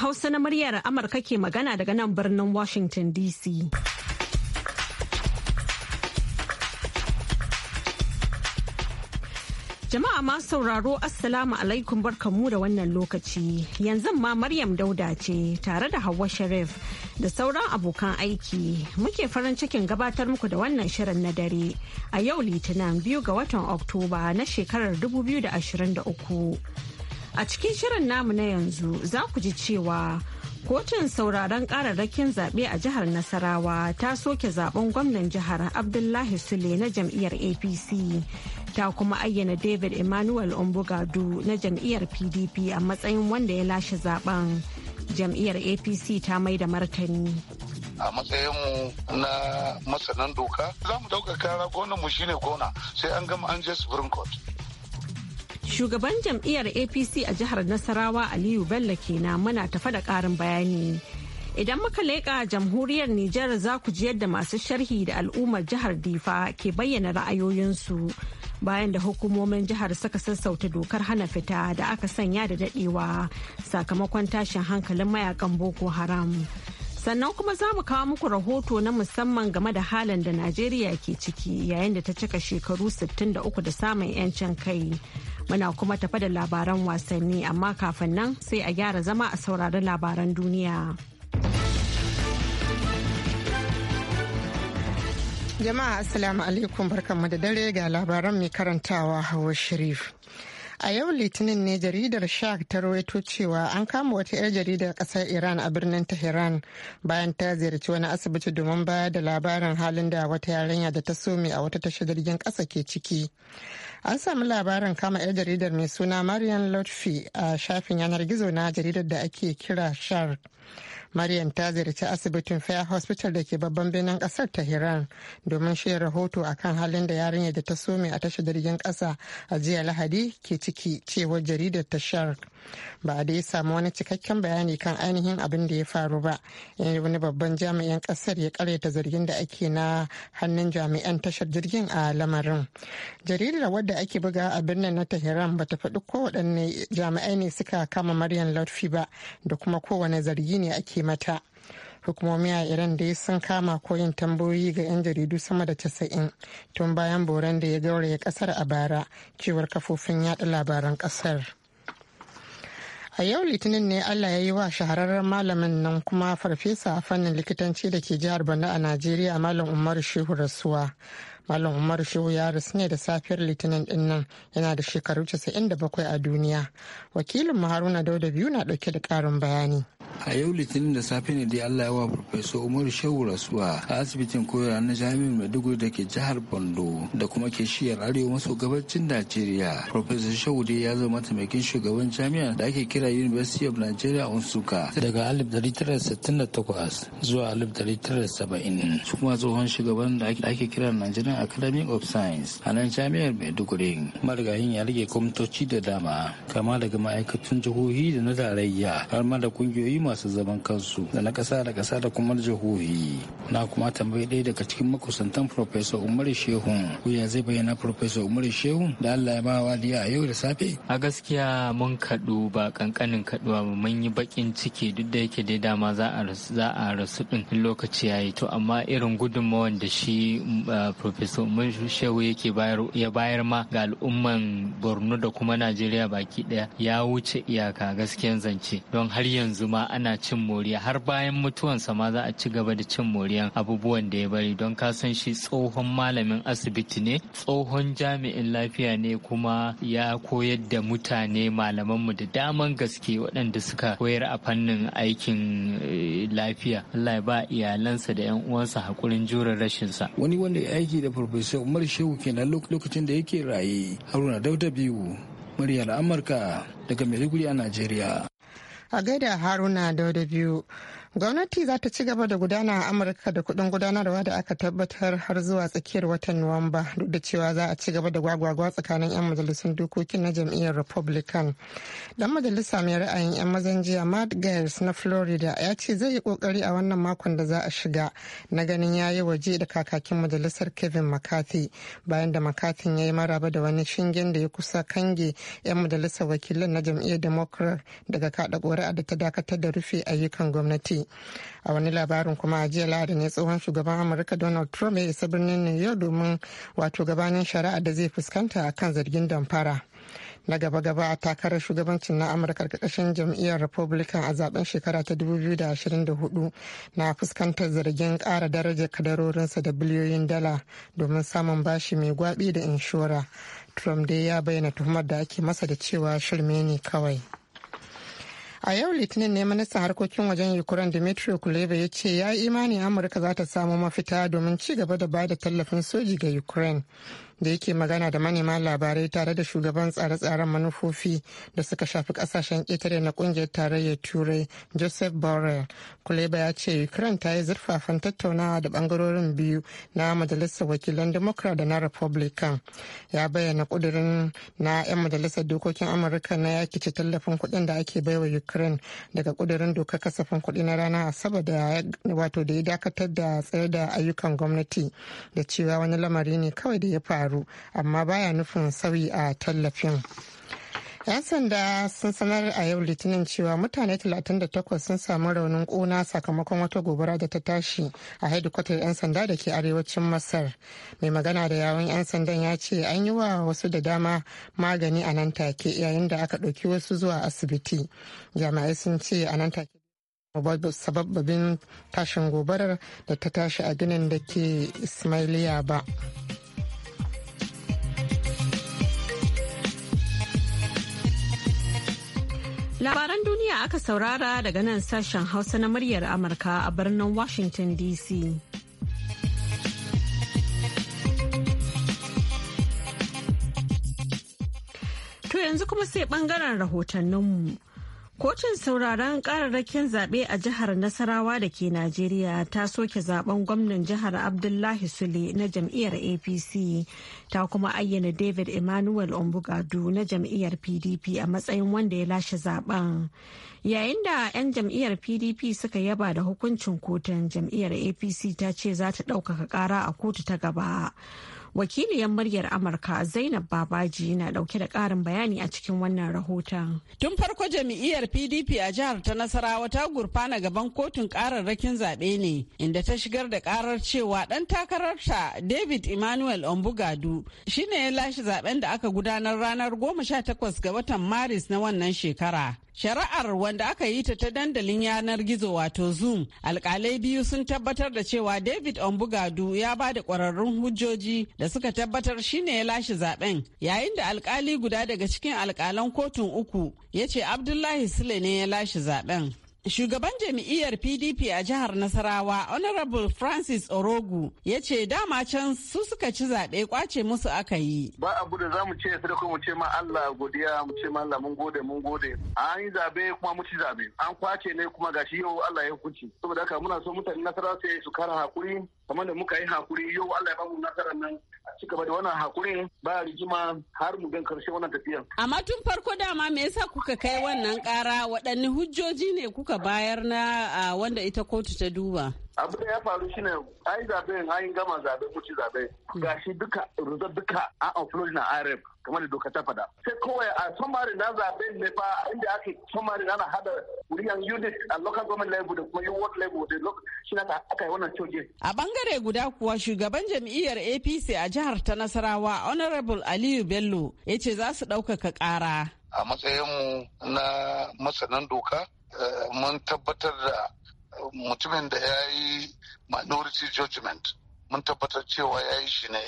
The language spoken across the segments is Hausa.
Hausa na muryar Amurka ke magana daga nan birnin Washington DC. Jama'a ma sauraro Assalamu alaikum barkanmu da wannan lokaci. Yanzu ma Maryam Dauda ce tare da Hauwa Sharif da sauran abokan aiki muke farin cikin gabatar muku da wannan shirin na dare a yau Litinin biyu ga watan Oktoba na shekarar 2023. A cikin shirin namu na yanzu za ku ji cewa kotun sauraron kararrakin zaɓe a jihar Nasarawa ta soke zaben gwamnan jihar Abdullahi Sule na jam'iyyar APC ta kuma ayyana David Emmanuel Umbugadu na jam'iyyar PDP a matsayin wanda ya lashe zaben jam'iyyar APC ta mai da martani. a matsayinmu na masanan doka za mu ɗauka kara gona mu shine gona sai an gama an je supreme court Shugaban jam'iyyar APC a jihar Nasarawa Aliyu Bello kenan muna tafa da karin bayani. Idan muka leƙa jamhuriyar Nijar za ku ji yadda masu sharhi da al'ummar jihar Difa ke bayyana ra'ayoyinsu bayan da hukumomin jihar suka sassauta dokar hana fita da aka sanya da dadewa sakamakon tashin hankalin mayakan Boko Haram. Sannan kuma za mu kawo muku rahoto na musamman game da halin da Najeriya ke ciki yayin da ta cika shekaru 63 da samun 'yancin kai. Muna kuma tafa da labaran wasanni amma kafin nan sai a gyara zama a saurari labaran duniya. Jama'a Assalamu alaikum barkanmu da dare ga labaran mai karantawa Hawa Sharif. a yau litinin ne jaridar shark ta rawaito cewa an kama wata 'yar jaridar kasar iran a birnin tehran bayan ta ziyarci wani asibiti domin bayar da labarin halin da wata yarinya da ta some a wata tashar jirgin kasa ke ciki an sami labarin kama 'yar jaridar mai suna marian lotfi a shafin yanar gizo na jaridar da ake kira shark Maryam ta ziyarci asibitin Fair Hospital da ke babban birnin kasar Tehran domin shirya rahoto akan halin da yarinyar da ta some a tashar jirgin kasa a jiya Lahadi ke ciki cewar jaridar ta tashar. Ba a dai samu wani cikakken bayani kan ainihin abin da ya faru ba. in eh, wani babban jami'in kasar ya karyata zargin da ake na hannun jami'an tashar jirgin a lamarin. Jaridar wadda ake buga a birnin na Tehran ta faɗi kowaɗanne jami'ai ne suka kama Maryam Lotfi ba da kuma kowane zargi ne ake mata hukumomi a iran dai sun kama koyin tambayoyi ga 'yan jaridu sama da casa'in tun bayan boran da ya gauraya kasar a bara cewar kafofin yada labaran kasar a yau litinin ne allah ya yi wa shahararren malamin nan kuma farfesa a fannin likitanci da ke jihar borno a najeriya malam umaru shehu rasuwa Malam Umar Shehu ya rasu ne da safiyar Litinin dinnan yana da shekaru 97 a duniya. Wakilin Maharuna Dauda biyu na dauke da karin bayani. A yau Litinin da safe ne dai Allah ya wa Farfesa Umar Shehu rasuwa a asibitin koyarwa na Jami'in Maiduguri da ke jihar Bondo da kuma ke shiyar arewa maso gabacin Najeriya. Farfesa Shehu dai ya zama mataimakin shugaban jami'a da ake kira University of Nigeria Onsuka daga 1968 zuwa 1970. Su kuma tsohon shugaban da ake kira Nigeria Academy of Science a nan jami'ar Maiduguri. Marigayin ya rage kwamitoci da dama kama daga ma'aikatan jihohi da na tarayya har ma da kungiyoyi masu zaman kansu da na ƙasa da kasa da kuma jihohi. Na kuma tambayi ɗaya daga cikin makusantan Professor Umar Shehu ko ya zai bayyana Professor Umar Shehu da Allah ya ba wa a yau da safe. A gaskiya mun kaɗu ba ƙanƙanin kaɗuwa ba mun yi baƙin ciki duk da yake dai dama za a rasu ɗin lokaci ya to amma irin gudunmawan da shi eh, Professor mun shehu yake bayar ya bayar ma ga al'umman borno da kuma najeriya baki daya ya wuce iyaka gaskiyan zance don har yanzu ma ana cin moriya har bayan mutuwansa ma za a ci gaba da cin moriyan abubuwan da ya bari don ka san shi tsohon malamin asibiti ne tsohon jami'in lafiya ne kuma ya koyar da mutane malamanmu da daman gaske waɗanda suka koyar a fannin aikin eh, lafiya Allah ya ba iyalansa da 'yan uwansa hakurin jure rashinsa wani wanda ya aiki da Farfesa Umar Shehu kenan lokacin da yake raye. Haruna Dauda biyu muryar Amurka daga Maiduguri a Najeriya. A gaida Haruna Dauda biyu. gwamnati za ta ci gaba da gudana a amurka da kudin gudanarwa da aka tabbatar har zuwa tsakiyar watan nuwamba duk da cewa za a ci gaba da gwagwagwa tsakanin 'yan majalisun dokokin na jam'iyyar republican dan majalisa mai ra'ayin 'yan mazan jiya matt gaetz na florida ya ce zai yi kokari a wannan makon da za a shiga na ganin ya yi waje da kakakin majalisar kevin mccarthy bayan da mccarthy ya yi maraba da wani shingen da ya kusa kange 'yan majalisar wakilan na jam'iyyar democrat daga kada ƙuri'a da ta dakatar da rufe ayyukan gwamnati a wani labarin kuma a jiya lahadi ne tsohon shugaban amurka donald trump ya isa birnin new york domin wato gabanin shari'a da zai fuskanta a kan zargin damfara na gaba-gaba a takarar shugabancin na amurka karkashin jam'iyyar republican a zaben shekara ta 2024 na fuskantar zargin kara darajar kadarorinsa da biliyoyin dala domin samun bashi mai gwabi da inshora trump dai ya bayyana tuhumar da ake masa da cewa shirme ne kawai a yau litinin ne ministan harkokin wajen ukraine dimitri kuleba ya ce ya yi imanin amurka za ta samu mafita domin ci gaba da bada tallafin soji ga ukraine da yake magana da manema labarai tare da shugaban tsare-tsaren manufofi da suka shafi kasashen ƙetare na ƙungiyar tarayyar turai joseph borrell kuleba ya ce ukraine ta yi zurfafan tattaunawa da bangarorin biyu na majalisar wakilan democrat da na republican ya bayyana kudirin na 'yan majalisar dokokin amurka na yakice tallafin kuɗin da ake bai wa ukraine daga kudirin dokar kasafin kuɗi na rana asabar da wato da ya dakatar da tsayar da ayyukan gwamnati da cewa wani lamari ne kawai da ya faru karu amma baya nufin sauyi a tallafin 'yan sanda sun sanar a yau litinin cewa mutane 38 sun samu raunin kona sakamakon wata gobara da ta tashi a hedikwatar 'yan sanda da ke arewacin masar mai magana da yawon 'yan sandan ya ce an yi wa wasu da dama magani a nan take yayin da aka ɗauki wasu zuwa asibiti jami'ai sun ce a nan take sababbin tashin gobarar da ta tashi a ginin da ke ismailiya ba Labaran duniya aka saurara daga nan sashen Hausa na muryar Amurka a birnin Washington DC. To yanzu kuma sai bangaren rahotanninmu. Kotun sauraron kararrakin zaɓe a jihar Nasarawa da ke Najeriya ta soke zaben gwamnan jihar Abdullahi Sule na jam'iyyar APC ta kuma ayyana David Emmanuel Ombugadu na jam'iyyar PDP a matsayin wanda ya lashe zaben. yayin da 'yan jam'iyyar pdp suka yaba da hukuncin kotun jam'iyyar apc ta ce za ta ɗaukaka ƙara a kotu ta gaba wakiliyar muryar amurka zainab babaji na ɗauke da ƙarin bayani a cikin wannan rahoton tun farko jam'iyyar pdp a jihar ta nasarawa ta gurfana gaban kotun kararrakin zaɓe ne inda ta shigar da karar cewa ɗan takararta david emmanuel ombugadu shine ya lashe zaben da aka gudanar ranar 18 ga watan maris na wannan shekara Shari'ar wanda aka yi ta ta dandalin yanar gizo wato Zoom, alkalai biyu sun tabbatar da cewa David Ombugadu ya ba da kwararrun hujjoji da suka tabbatar shine ya lashe zaben, yayin da alkali guda daga cikin alkalan kotun uku ya ce Abdullahi Sule ne ya lashe zaben. Shugaban jami'iyyar PDP a jihar Nasarawa, Honorable Francis Orogu, ya ce dama can su suka ci zaɓe kwace musu aka yi. Ba abu da za mu ce ya mu ce ma Allah godiya mu ce ma Allah mun gode mun gode. An yi zaɓe kuma mu ci zaɓe. An kwace ne kuma gashi yau Allah ya hukunci. Saboda haka muna so mutane Nasarawa sai su kara hakuri kamar da muka yi hakuri yau Allah ya bamu nasarar nan a ci gaba da wannan hakurin ba rigima har mu gan karshe wannan tafiyan. Amma tun farko dama me yasa kuka kai wannan kara waɗanne hujjoji ne kuka bayar na wanda ita kotu ta duba? abu da ya faru shine ai zaben an gama zabe kuci zabe hmm. gashi duka result duka a upload na arab kamar da doka ta fada sai kawai a samari na zaben ne fa inda ake samari na hada wuriyan unit a local government level da kuma work level da shi na aka yi wannan coge. a bangare guda kuwa shugaban jam'iyyar apc a jihar ta nasarawa honorable aliyu bello ya ce za su ɗaukaka ƙara. a matsayinmu na masanan doka eh, mun tabbatar da eh, mutumin da ya yi minority judgment mun tabbatar cewa ya yi shi ne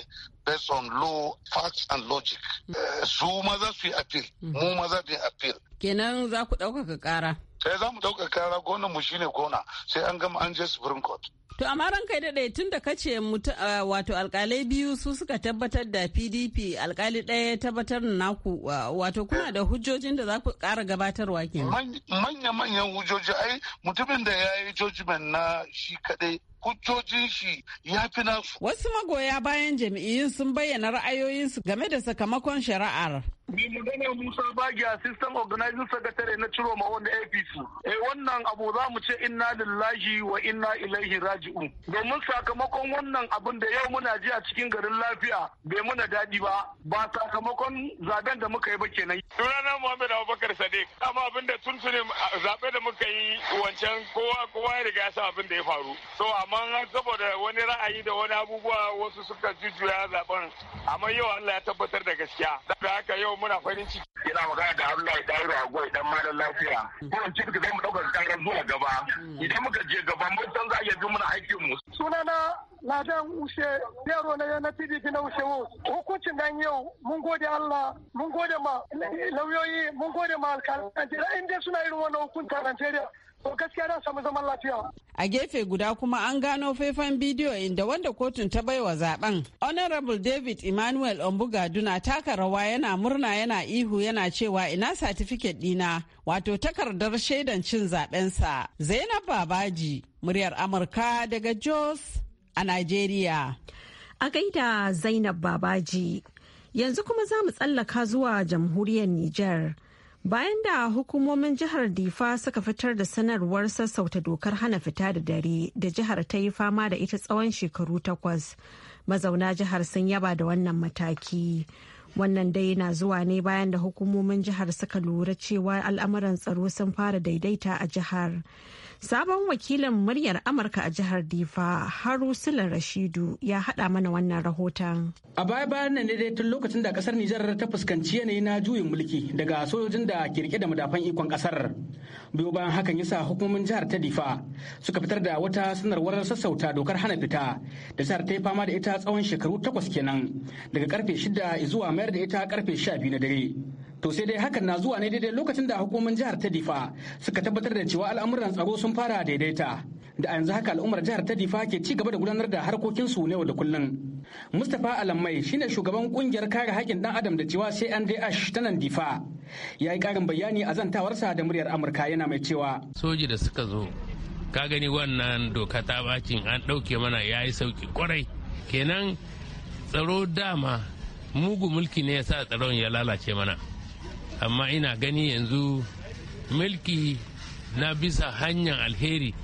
based on law facts and logic eh, su ma za su yi appeal mm-hmm. mu ma za mu yi appeal kenan za ku ɗaukaka ƙara sai eh, za mu ɗaukaka ƙara gona mu shine gona sai an gama an je supreme court To amma ranka kai daɗe tun da kace eh, wato alkalai biyu su suka tabbatar da PDP alkali ɗaya ya tabbatar da naku wato kuna da hujjojin da za ku ƙara gabatarwa kenan. Manya manyan hujjoji ai mutumin da ya yi judgment na shi kaɗai hujjojin shi ya fi nasu. Wasu magoya bayan jam'iyyun sun bayyana ra'ayoyinsu game da sakamakon shari'ar. Ni magana Musa Bagi Assistant Organizing Secretary na ciro ma wanda APC. Eh wannan abu za mu ce inna lillahi wa inna ilaihi raji'un. Domin sakamakon wannan abin da yau muna ji a cikin garin lafiya bai muna daɗi ba ba sakamakon zaben da muka yi ba kenan. Sunana Muhammad Abubakar Sadiq amma abin da tuntuni zaɓe da muka yi wancan kowa kowa ya riga ya san abin da ya faru. So amma saboda wani ra'ayi da wani abubuwa wasu suka jujjuya zaben amma yau Allah ya tabbatar da gaskiya. Da haka yau muna farin ciki yana magana da Abdullahi a Agwai dan malam lafiya mun ci duka zai mu dauka karar zuwa gaba hmm. idan muka je gaba mun san za a iya bi muna aikin mu sunana ladan ushe yaro na na pdp na ushe hukuncin nan yau mun gode allah mun gode ma lauyoyi mun gode ma alkalai da suna irin wannan a nigeria to gaskiya da samu zaman lafiya. A gefe guda kuma an gano faifan bidiyo inda wanda kotun ta baiwa zaben. Honorable David Emmanuel Ombuga Duna taka rawa yana murna yana ihu yana cewa ina satifiket dina wato takardar shaidan cin zabensa. Zainab Babaji, muryar Amurka daga Jos a Najeriya. A gaida Zainab Babaji, yanzu kuma za mu tsallaka zuwa jamhuriyar Nijar. Bayan da hukumomin jihar Difa suka fitar da sanarwar sassauta dokar hana fita da dare da jihar ta yi fama da ita tsawon shekaru takwas, mazauna jihar sun yaba da wannan mataki. Wannan dai na zuwa ne bayan da hukumomin jihar suka lura cewa al'amuran tsaro sun fara daidaita a jihar. Sabon wakilin muryar Amurka a jihar Difa, Harusula Rashidu, ya haɗa mana wannan rahoton. A baya bayan nan dai tun lokacin da ƙasar Nijar ta fuskanci yanayi na juyin mulki daga sojojin da ke rike da madafan ikon ƙasar. Biyo bayan hakan yasa hukumomin jihar ta Difa suka fitar da wata sanarwar sassauta dokar hana fita da jihar ta yi fama da ita tsawon shekaru takwas kenan daga karfe shida zuwa mayar da ita karfe sha biyu na dare. To sai dai hakan na zuwa ne daidai lokacin da hukumomin jihar ta Difa suka tabbatar da cewa al'amuran tsaro sun fara daidaita. Da a yanzu haka al'ummar jihar ta Difa ke ci gaba da gudanar da harkokinsu su yau da kullum. Mustapha Alammai shine shugaban kungiyar kare haƙƙin dan adam da cewa sai an dai ash ta nan Difa. Ya yi ƙarin bayani a zantawarsa da muryar Amurka yana mai cewa. Soji da suka zo ka gani wannan doka ta bacin an ɗauke mana ya yi sauki kwarai kenan tsaro dama mugu mulki ne ya sa tsaron ya lalace mana amma ina gani yanzu milki na bisa hanyar alheri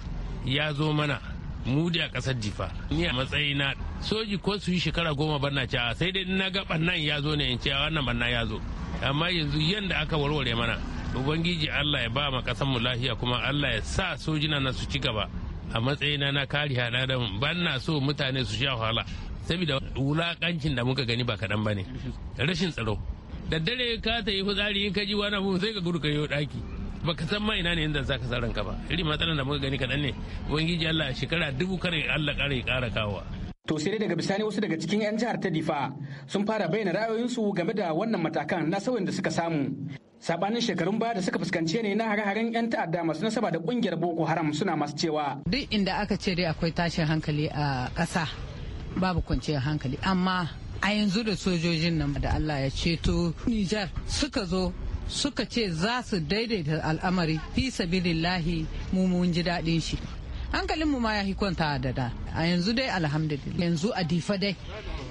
ya zo mana mudi a kasar jifa ni a matsayina soji ko su yi shekara goma barna cewa sai dai na ga bannan ya zo ne in cewa wannan banna ya zo amma yanzu yanda aka warware mana ubangiji allah ya ba ma ƙasar mu lafiya kuma allah ya sa sojina na su ci gaba a matsayina na kari hada da banna so mutane su sha wahala saboda wulakancin da muka gani ba kaɗan ba ne rashin tsaro daddare ka ta yi fitsari in ka ji wani abu sai ka gudu ka yi daki baka san ma ina ne inda zaka sa ranka ba irin matsalar da muka gani kaɗan ne ubangiji Allah shekara dubu kare Allah kare ƙara kawa To sai daga bisani wasu daga cikin 'yan jihar ta difa sun fara bayyana ra'ayoyinsu game da wannan matakan na sauyin da suka samu. Sabanin shekarun baya da suka fuskanci ne na hare-haren 'yan ta'adda masu nasaba da kungiyar Boko Haram suna masu cewa. Duk inda aka ce dai akwai tashin hankali a ƙasa babu kwanciyar hankali amma a yanzu da sojojin nan da Allah ya ceto Nijar suka zo suka ce za su daidaita al'amari fi sabilillahi mu mun ji daɗin shi hankalinmu ma ya kwanta da da a yanzu dai alhamdulillah yanzu a difa dai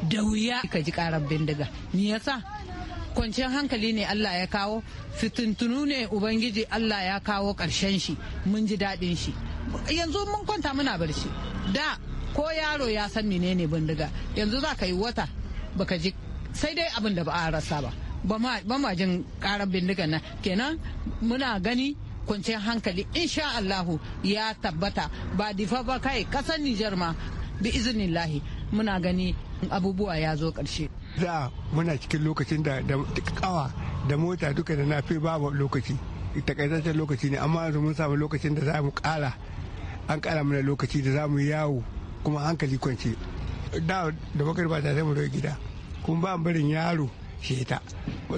da wuya ka ji karar bindiga me yasa kwanciyar hankali ne Allah ya kawo fitintunu ne ubangiji Allah ya kawo karshen shi mun ji daɗin shi yanzu mun kwanta muna barci da ko yaro ya san menene bindiga yanzu za ka yi wata baka ji sai dai abin da ba a rasa ba ba ma jin karar bindigan nan kenan muna gani kwanciyar hankali in sha Allahu ya tabbata ba difa ba kai kasar Nijar ma bi izinin lahi muna gani abubuwa ya zo karshe. Da muna cikin lokacin da kawa da mota duka da nafi babu lokaci takaitaccen lokaci ne amma yanzu mun samu lokacin da za mu ƙara an kara mana lokaci da za mu yawo kuma hankali kwanci da da ba ta zama gida kuma ba barin yaro sheta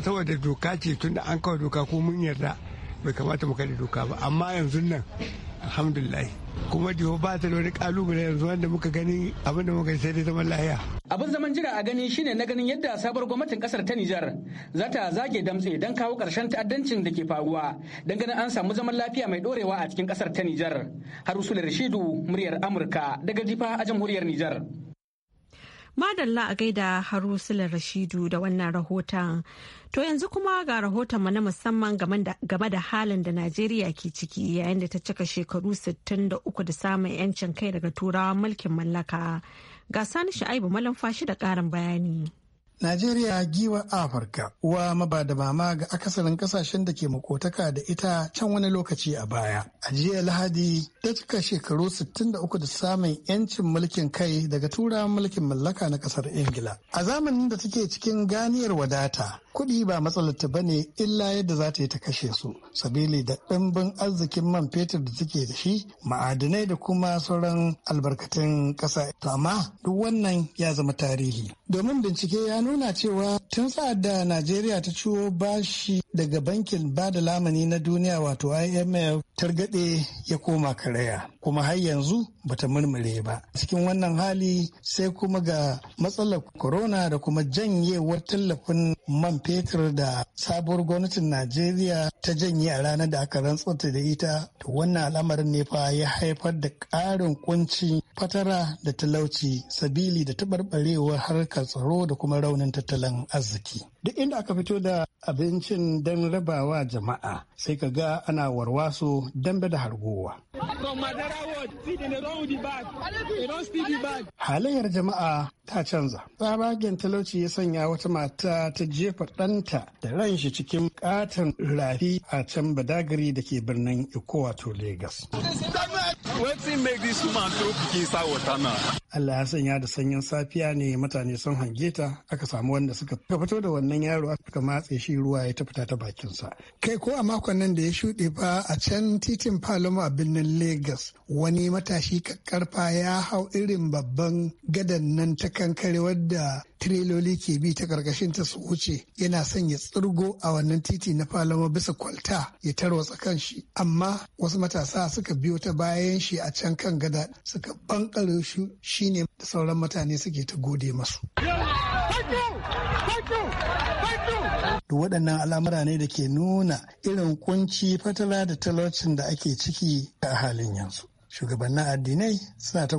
saboda doka ce tun da an kawo doka ko mun yarda bai kamata mu kada doka ba amma yanzu nan alhamdulillah kuma jiho ba ta da wani kalubale yanzu wanda muka gani abinda muka sai dai zaman lahiya. abin zaman jira a gani shine na ganin yadda sabar gwamnatin kasar ta Nijar za ta zage damtse don kawo karshen ta'addancin da ke faruwa don ganin an samu zaman lafiya mai dorewa a cikin kasar ta Nijar. Harusu Rashidu muryar Amurka daga Jifa a jamhuriyar Nijar. Madalla a gaida Haru Rashidu da wannan rahoton. To yanzu kuma ga rahoton mu na musamman game da halin da Najeriya ke ciki yayin da ta cika shekaru 63 da samun 'yancin kai daga turawan mulkin mallaka. Ga sani sha'ibu malamfashi da karin bayani. Najeriya giwa Afirka uwa maba da mama ga akasarin kasashen da ke makotaka da ita can wani lokaci a baya. A jiya Lahadi ta cika shekaru 63 da samun 'yancin mulkin kai daga tura mulkin mallaka na kasar Ingila. A zamanin da take cikin ganiyar wadata, kuɗi ba matsalata ba ne illa yadda za ta yi ta kashe su, sabili da ɗimbin arzikin man fetur da take da shi, ma'adinai da kuma sauran albarkatun ƙasa. To amma duk wannan ya zama tarihi. Domin bincike ya nuna cewa tun sa'ad da Najeriya ta ciwo bashi daga bankin bada lamani na duniya wato IMF targaɗe ya koma karaya kuma har yanzu bata murmure ba. Cikin wannan hali sai kuma ga matsalar corona da kuma janyewar tallafin man fetur da sabuwar gwamnatin Najeriya ta janye a ranar da aka rantsota da ita to wannan al'amarin ne fa ya haifar da ƙarin kunci fatara da talauci sabili da taɓarɓarewar harkar tsaro da kuma rauni mazaunin tattalin arziki. duk inda aka fito da abincin don rabawa jama'a sai ka ga ana warwaso dambe da hargowa. Halayyar jama'a ta canza. Tsabagen talauci ya sanya wata mata ta jefa ɗanta da ran shi cikin katon rafi a can badagari da ke birnin Ikowa wato Legas. Allah ya sanya da sanyin safiya ne mutane sun hange ta aka samu wanda suka fito da wannan wannan yaro aka matse shi ruwa ya tafita ta bakinsa kai ko a makon nan da ya shuɗe fa a can titin Paloma a birnin Lagos wani matashi karfa ya hau irin babban gadan nan ta kankare wadda tireloli ke bi ta karkashinta ta su wuce yana son ya tsirgo a wannan titi na falama bisa kwalta ya tarwatsa kan shi amma wasu matasa suka biyo ta bayan shi a can kan gada suka bankare shi shine da sauran mutane suke ta gode masu da waɗannan al'amura ne da ke nuna irin kunci fatala da talaucin da ake ciki a halin yanzu shugabannin addinai suna ta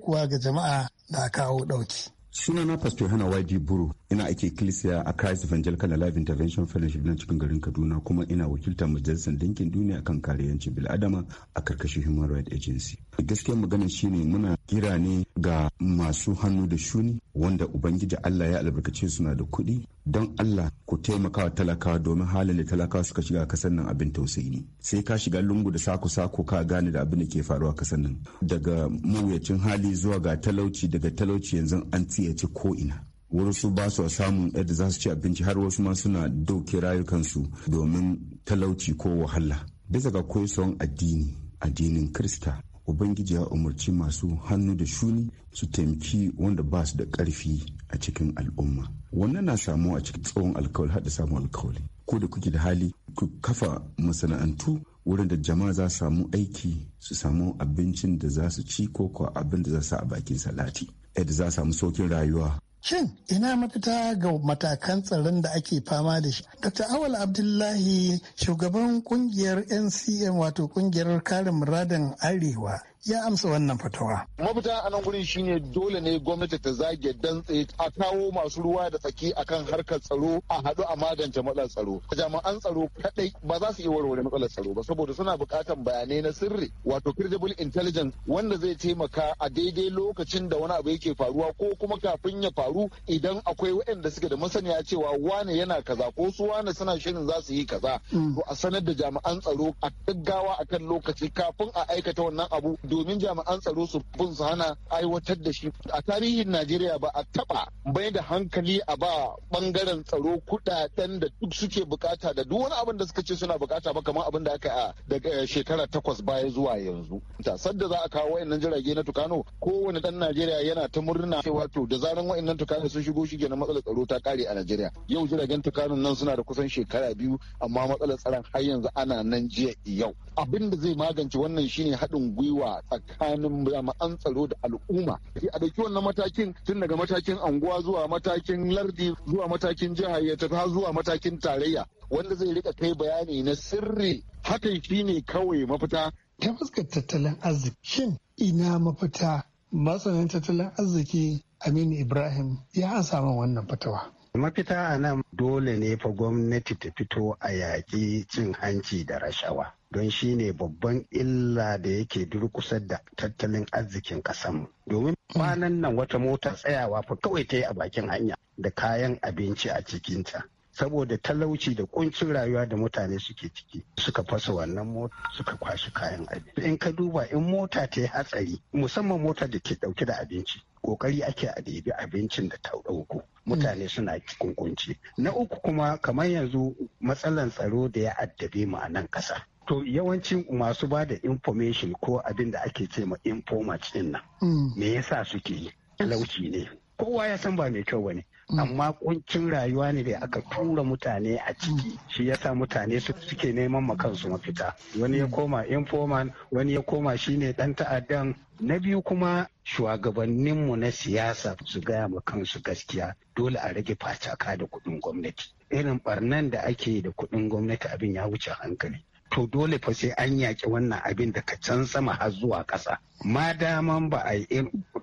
kuwa ga jama'a da kawo ɗauki sunana pastor hana waji buru ina ake kilisiya a Christ Evangelical Alive Intervention Fellowship na cikin garin Kaduna kuma ina wakiltar Majalisar Dinkin Duniya kan kare bil'adama a karkashin Human Rights Agency. Gaskiyar magana shine muna kira ne ga masu hannu da shuni wanda Ubangiji Allah ya albarkace suna da kuɗi don Allah ku taimakawa talakawa domin halin da talakawa suka shiga kasar nan abin tausayi ne. Sai ka shiga lungu da sako sako ka gane da abin da ke faruwa kasar nan. Daga mawuyacin hali zuwa ga talauci daga talauci yanzu an tsiyace ko ina. wasu ba su samun yadda za su ci abinci har wasu ma suna dauke rayukansu domin talauci ko wahala bisa ga koyon addini addinin krista ubangiji ya umarci masu hannu da shuni su taimaki wanda ba su da karfi a cikin al'umma wannan na samu a cikin tsawon alkawali hada samun alkawali ko da kuke da hali ku kafa masana'antu wurin da jama'a za su samu aiki su samu abincin da za su ci ko kuwa abin da za su a bakin salati yadda za su samu saukin rayuwa Shin ina mafita ga matakan tsaron da ake fama da shi? Dr. Awal Abdullahi shugaban kungiyar NCM wato kungiyar karin muradin Arewa ya amsa wannan fatawa. Mafita a nan gurin shine dole ne gwamnati ta zage dantse a kawo masu ruwa da tsaki akan harkar tsaro a haɗu a magance matsalar tsaro. Jami'an tsaro kaɗai ba za su iya warware matsalar tsaro ba saboda suna buƙatar bayanai na sirri wato credible intelligence wanda zai taimaka a daidai lokacin da wani abu yake faruwa ko kuma kafin ya faru idan akwai waɗanda suke da masaniya cewa wane yana kaza ko su wane suna shirin za su yi kaza. Mm. To a sanar da jami'an tsaro a gaggawa akan lokaci kafin a aikata wannan abu domin jami'an tsaro su bin su hana aiwatar da shi a tarihin najeriya ba a taba bai da hankali a ba bangaren tsaro kudaden da duk suke bukata da duk wani abin da suka ce suna bukata ba kamar abin da aka a daga eh, shekara takwas baya zuwa yanzu tasar da za a kawo wayannan jirage na tukano kowane dan najeriya yana ta murna cewa to da zaran wayannan tukano sun shigo shi na matsalar tsaro ta kare a najeriya yau jiragen tukanon nan suna da kusan shekara biyu amma matsalar tsaron har yanzu ana nan jiya yau abin da zai magance wannan shine haɗin gwiwa tsakanin jami'an tsaro da al'umma ki a dauki wannan matakin tun daga matakin anguwa zuwa matakin lardi zuwa matakin jiha ya tafi zuwa matakin tarayya wanda zai rika kai bayani na sirri hakan ne kawai mafita ta fuskar tattalin arziki ina mafita masanin tattalin arziki aminu ibrahim ya samu wannan fatawa mafita a nan dole ne fa gwamnati ta fito a yaƙi cin hanci da rashawa don shi ne babban illa da yake durkusar da tattalin arzikin ƙasanmu. Domin mm. kwanan nan wata mota tsayawa fa kawai ta yi a bakin hanya da kayan abinci a cikinta. Saboda talauci da kuncin rayuwa da mutane suke ciki suka fasa wannan mota suka kwashi kayan abinci. In ka duba in mota ta yi hatsari musamman mota da ke dauke da abinci kokari ake a abincin da ta ɗauko mutane mm. suna cikin kunci na uku kuma kamar yanzu matsalan tsaro da ya addabe mu a nan ƙasa to yawancin masu ba da information ko abin da ake ce ma informat din nan mm. me yasa suke yi talauci ne kowa ya san ba mai kyau ba ne. Mm. amma kuncin rayuwa ne da aka tura mutane a ciki mm. shi yasa mutane suke neman ma kansu mafita wani ya koma informan wani ya koma shine dan ta'addan na biyu kuma mu na siyasa su gaya ma kansu gaskiya dole a rage facaka da kudin gwamnati irin barnan da ake da kudin gwamnati abin ya wuce hankali to dole fa sai an yaƙi wannan abin da ka can sama har zuwa ƙasa ma daman ba a yi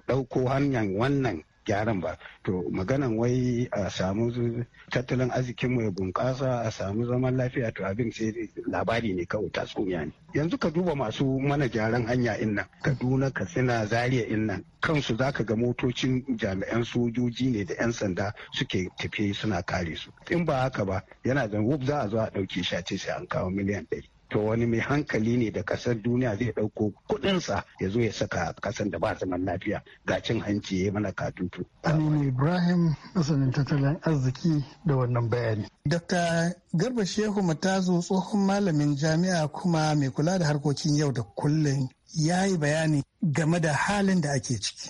ɗauko hanyar wannan gyaran ba to maganan wai a samu tattalin arzikin ya bunƙasa a samu zaman lafiya to abin sai labari ne kawai tatsuniya ne yanzu ka duba masu mana gyaran hanya innan kaduna katsina zaria innan kansu zaka ga motocin jami'an sojoji ne da 'yan sanda suke tafiye suna kare su in ba haka ba yana da wub za a zo a ɗauke shi a ce sai an kawo miliyan ɗari to wani mai hankali ne da kasar duniya zai ɗauko kuɗinsa ya zo ya saka kasan da ba zaman lafiya ga cin hanci ya mana katutu. Aminu Ibrahim masanin tattalin arziki da wannan bayani. Dr. Garba Shehu Matazu tsohon malamin jami'a kuma mai kula da harkokin yau da kullum ya yi bayani game da halin da ake ciki.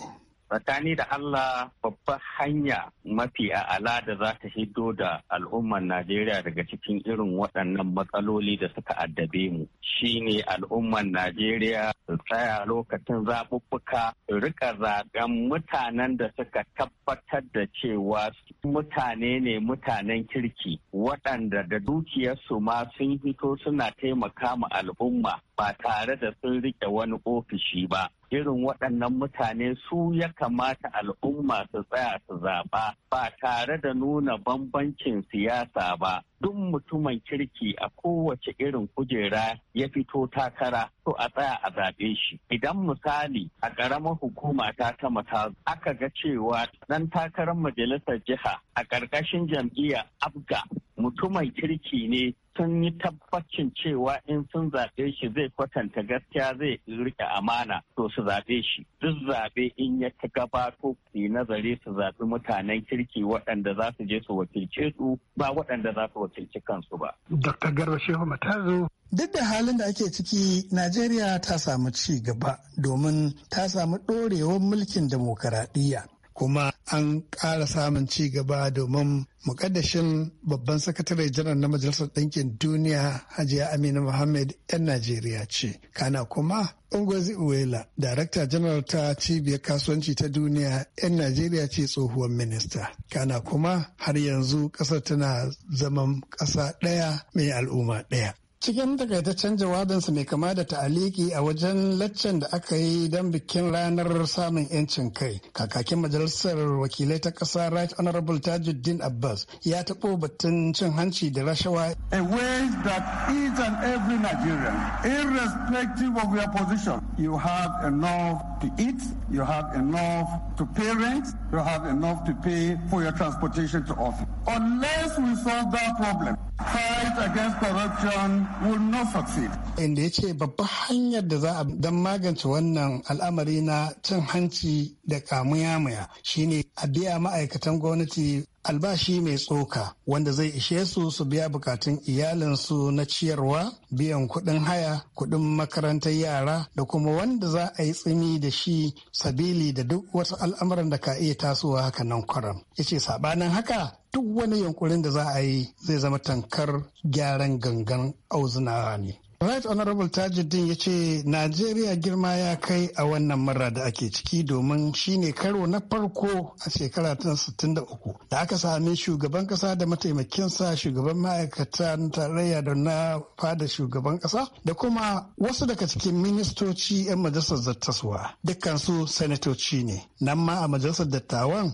tsakani da Allah babbar hanya mafi a'ala da za ta hiddo da al'ummar Najeriya daga cikin irin waɗannan matsaloli da suka addabe mu shine al'ummar Najeriya su tsaya lokacin zaɓuɓɓuka rika zaɓen mutanen da suka tabbatar da cewa mutane ne mutanen kirki waɗanda da dukiyarsu ma sun hito suna taimaka ma al'umma ba tare da sun riƙe wani ofishi ba. irin waɗannan mutane su ya kamata al'umma su tsaya su zaɓa ba tare da nuna bambancin siyasa ba duk mutumin kirki a kowace irin kujera ya fito takara to a tsaya a zaɓe shi idan misali a ƙaramar hukuma ta ta mata aka ga cewa ɗan takarar majalisar jiha a ƙarƙashin jam'iyyar abga mutumin kirki ne sun yi tabbacin cewa in sun zaɓe shi zai kwatanta gaskiya zai rike amana to su zaɓe shi duk zaɓe in ya ta gabato su yi nazari su zaɓi mutanen kirki waɗanda za su je su wakilce su ba waɗanda za su wakilci kansu ba. Dr. Garba Shehu Matazo. Duk da halin da ake ciki, Najeriya ta samu ci gaba domin ta samu ɗorewar mulkin demokaradiyya. kuma an ƙara samun ci gaba domin mukaddashin babban sakatare janar na majalisar ɗinkin duniya hajiya amina muhammad 'yan najeriya ce kana kuma ungozi uwela darakta janar ta cibiyar kasuwanci ta duniya 'yan najeriya ce tsohuwar minista kana kuma har yanzu ƙasar tana zaman ƙasa ɗaya mai al'umma ɗaya cikin takaitaccen wadansa mai kama da ta'aliki a wajen laccan da aka yi don bikin ranar samun 'yancin kai kakakin majalisar wakilai ta ƙasa right honorable tajuddin abbas ya taɓo batun cin hanci da rashawa a way that each and every nigerian irrespective of your position you have enough to eat you have enough to pay rent you have enough to pay for your transportation to office unless we solve that problem fight against corruption will not succeed. Inda ya ce babban hanyar da za a don magance wannan al'amari na cin hanci da kamuya-muya shine a biya ma'aikatan gwamnati albashi mai tsoka wanda zai ishe su su biya bukatun iyalinsu na ciyarwa biyan kuɗin haya kuɗin makarantar yara da kuma wanda za a yi tsimi da shi sabili da duk wasu al'amuran da ka iya tasowa haka nan kwaram ya ce saɓanin haka duk wani yunƙurin da za a yi zai zama tankar gyaran gangan auzunawa ne Right Honorable Tajuddin ya ce Najeriya girma ya kai a wannan mara da ake ciki domin shine karo na farko a shekara ta 63 da aka sami shugaban kasa da mataimakin sa shugaban ma'aikatan tarayya da na fada shugaban kasa da kuma wasu daga cikin ministoci 'yan majalisar zattaswa dukkansu sanatoci ne nan ma a majalisar dattawan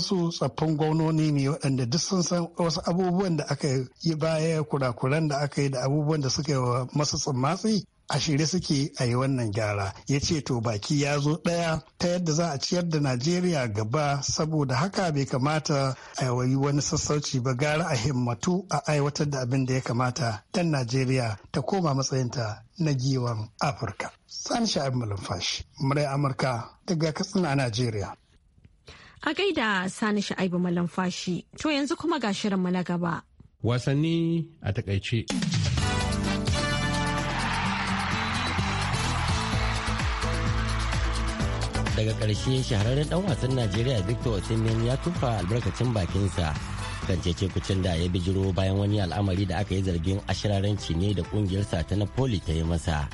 su tsaffin gwamnoni ne waɗanda duk sun san wasu abubuwan da aka yi baya kurakuran da aka yi da abubuwan da suka yi Masu tsammatsi a shirye suke a yi wannan gyara ya ce to baki ya zo ɗaya ta yadda za a ciyar da najeriya gaba saboda haka bai kamata a yi wani sassauci ba gara a himmatu a aiwatar da abin da ya kamata dan najeriya ta koma matsayinta na giwon afirka sani sha'ib malumfashi murai amurka daga katsina najeriya a gaida sani sha'ibu malumfashi to yanzu kuma ga shirin mu na gaba wasanni a takaice daga ƙarshe shahararren dan wasan najeriya victor osimhen ya tufa albarkacin bakinsa kan cece kucin da ya bijiro bayan wani al'amari da aka yi zargin ashirarenci ne da ƙungiyarsa ta napoli ta yi masa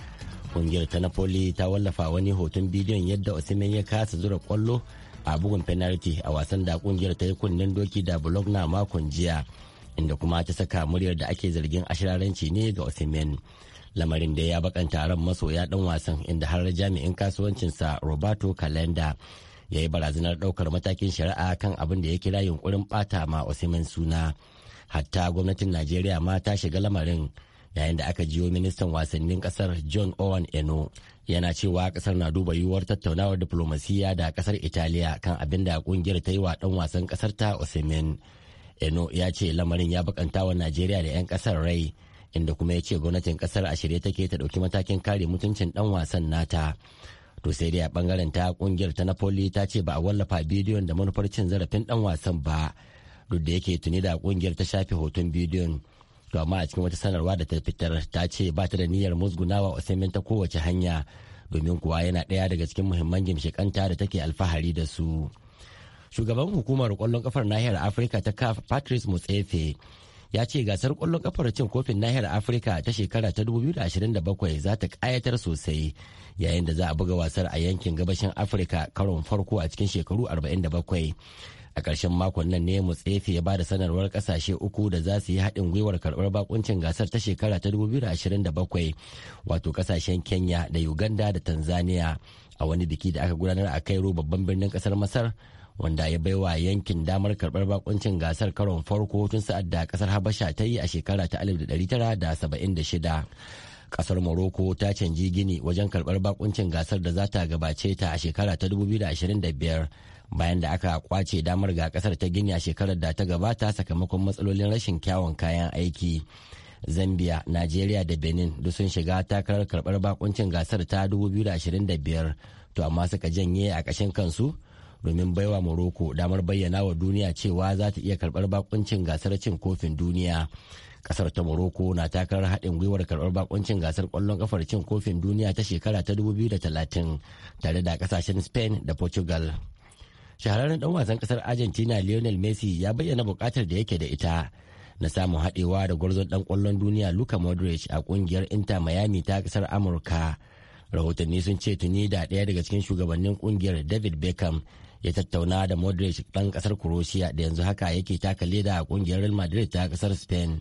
kungiyar ta napoli ta wallafa wani hoton bidiyon yadda osimhen ya kasa zura kwallo a bugun penalty a wasan da kungiyar ta yi kunnen doki da na makon jiya inda kuma ta saka muryar da ake zargin ashirarenci ne ga osimhen lamarin da ya bakanta ran masoya dan wasan inda har jami'in kasuwancinsa roberto calenda ya yi barazanar daukar matakin shari'a kan abin da ya kira yunkurin bata ma osimin suna hatta gwamnatin najeriya ma ta shiga lamarin yayin da aka jiyo ministan wasannin kasar john owen eno yana cewa kasar na duba yiwuwar tattaunawar diplomasiya da kasar italiya kan abin da kungiyar ta yi wa dan wasan kasar ta osimin eno ya ce lamarin ya bakanta wa najeriya da 'yan kasar rai inda kuma ya ce gwamnatin kasar a shirye take ta ɗauki matakin kare mutuncin ɗan wasan nata to sai dai a bangaren ta kungiyar ta napoli ta ce ba a wallafa bidiyon da manufar cin zarafin ɗan wasan ba duk da yake tuni da kungiyar ta shafe hoton bidiyon to amma a cikin wata sanarwa da ta fitar ta ce ba ta da niyyar musgunawa osimhen ta kowace hanya domin kuwa yana ɗaya daga cikin muhimman gimshikanta da take alfahari da su shugaban hukumar kwallon kafar nahiyar afirka ta kaf patrice mutsefe ya ce gasar kwallon kafar cin kofin nahiyar afirka ta shekara ta 2027 za ta kayatar sosai yayin da za a buga wasar a yankin gabashin afirka karon farko a cikin shekaru 47 a ƙarshen makon nan ne mutsefe ya ba da sanarwar ƙasashe uku da za su yi haɗin gwiwar karɓar bakuncin gasar ta shekara ta 2027 wato ƙasashen kenya da uganda da tanzania a wani biki da aka gudanar a cairo babban birnin ƙasar masar wanda ya baiwa yankin damar karbar bakuncin gasar karon farko tun sa'ad da kasar habasha ta yi a shekara ta 1976 kasar morocco ta canji gini wajen karbar bakuncin gasar da za ta gabace ta a shekara ta 2025 bayan da aka kwace damar ga kasar ta gini a shekarar da ta gabata sakamakon matsalolin rashin kyawun kayan aiki zambia nigeria da benin duk sun shiga takarar karbar bakuncin gasar ta 2025 to amma suka janye a ƙashin kansu domin baiwa morocco damar bayyana wa duniya cewa za ta iya karbar bakuncin gasar cin kofin duniya kasar ta morocco na takarar haɗin gwiwar karbar bakuncin gasar ƙwallon kafar cin kofin duniya ta shekara ta 2030 tare da kasashen spain da portugal shahararren ɗan wasan ƙasar argentina lionel messi ya bayyana buƙatar da yake da ita na samun haɗewa da gwarzon ɗan ƙwallon duniya luka modric a ƙungiyar inter miami ta ƙasar amurka rahotanni sun ce tuni da ɗaya daga cikin shugabannin ƙungiyar david beckham ya tattauna da Modric ɗan ƙasar Croatia da yanzu haka yake taka leda a ƙungiyar Real Madrid ta ƙasar Spain.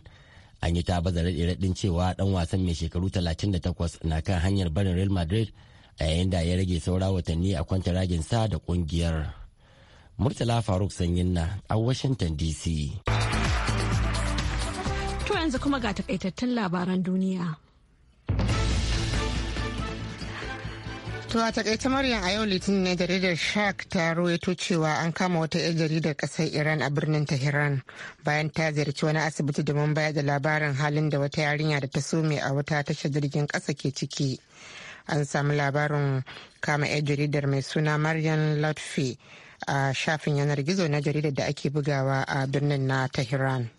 An yi ta baza cewa ɗan wasan mai shekaru 38 na kan hanyar barin Real Madrid a yayin da ya rage saura watanni a kwantaragin sa da ƙungiyar. Murtala Faruk Sanyin na a Washington DC. To yanzu kuma ga takaitattun labaran duniya. To a takaita Maryam a yau litinin ne jaridar Shark ta rawaito cewa an kama wata 'yan jaridar kasar Iran a birnin Tehran bayan ta ziyarci wani asibiti domin bayar da labarin halin da wata yarinya da ta some a wata tashar jirgin kasa ke ciki. An samu labarin kama 'yan jaridar mai suna Maryam Lotfi a shafin yanar gizo na jaridar da ake bugawa a birnin na Tehran.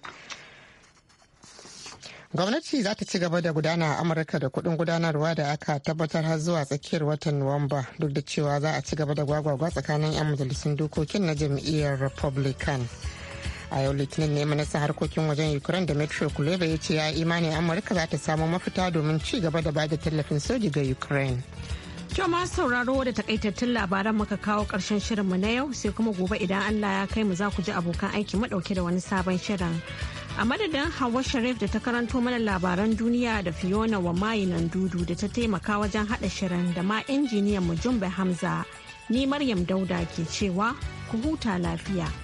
gwamnati za ta ci gaba da gudana a amurka da kudin gudanarwa da aka tabbatar har zuwa tsakiyar watan nuwamba duk da cewa za a ci gaba da gwagwagwa tsakanin 'yan majalisun dokokin na jam'iyyar republican a yau litinin ne manasa harkokin wajen ukraine da metro kuleba ya ce ya imani amurka za ta samu mafita domin ci gaba da bada tallafin soji ga ukraine kyau ma sauraro da takaitattun labaran muka kawo karshen shirinmu na yau sai kuma gobe idan Allah ya kai mu za ku ji abokan aiki madauke da wani sabon shirin. a madadin hawa sharif da ta karanto mana labaran duniya da fiona wa mayinan dudu da ta taimaka wajen haɗa shirin da ma injiniyan mu jumbe hamza ni maryam dauda ke cewa ku huta lafiya.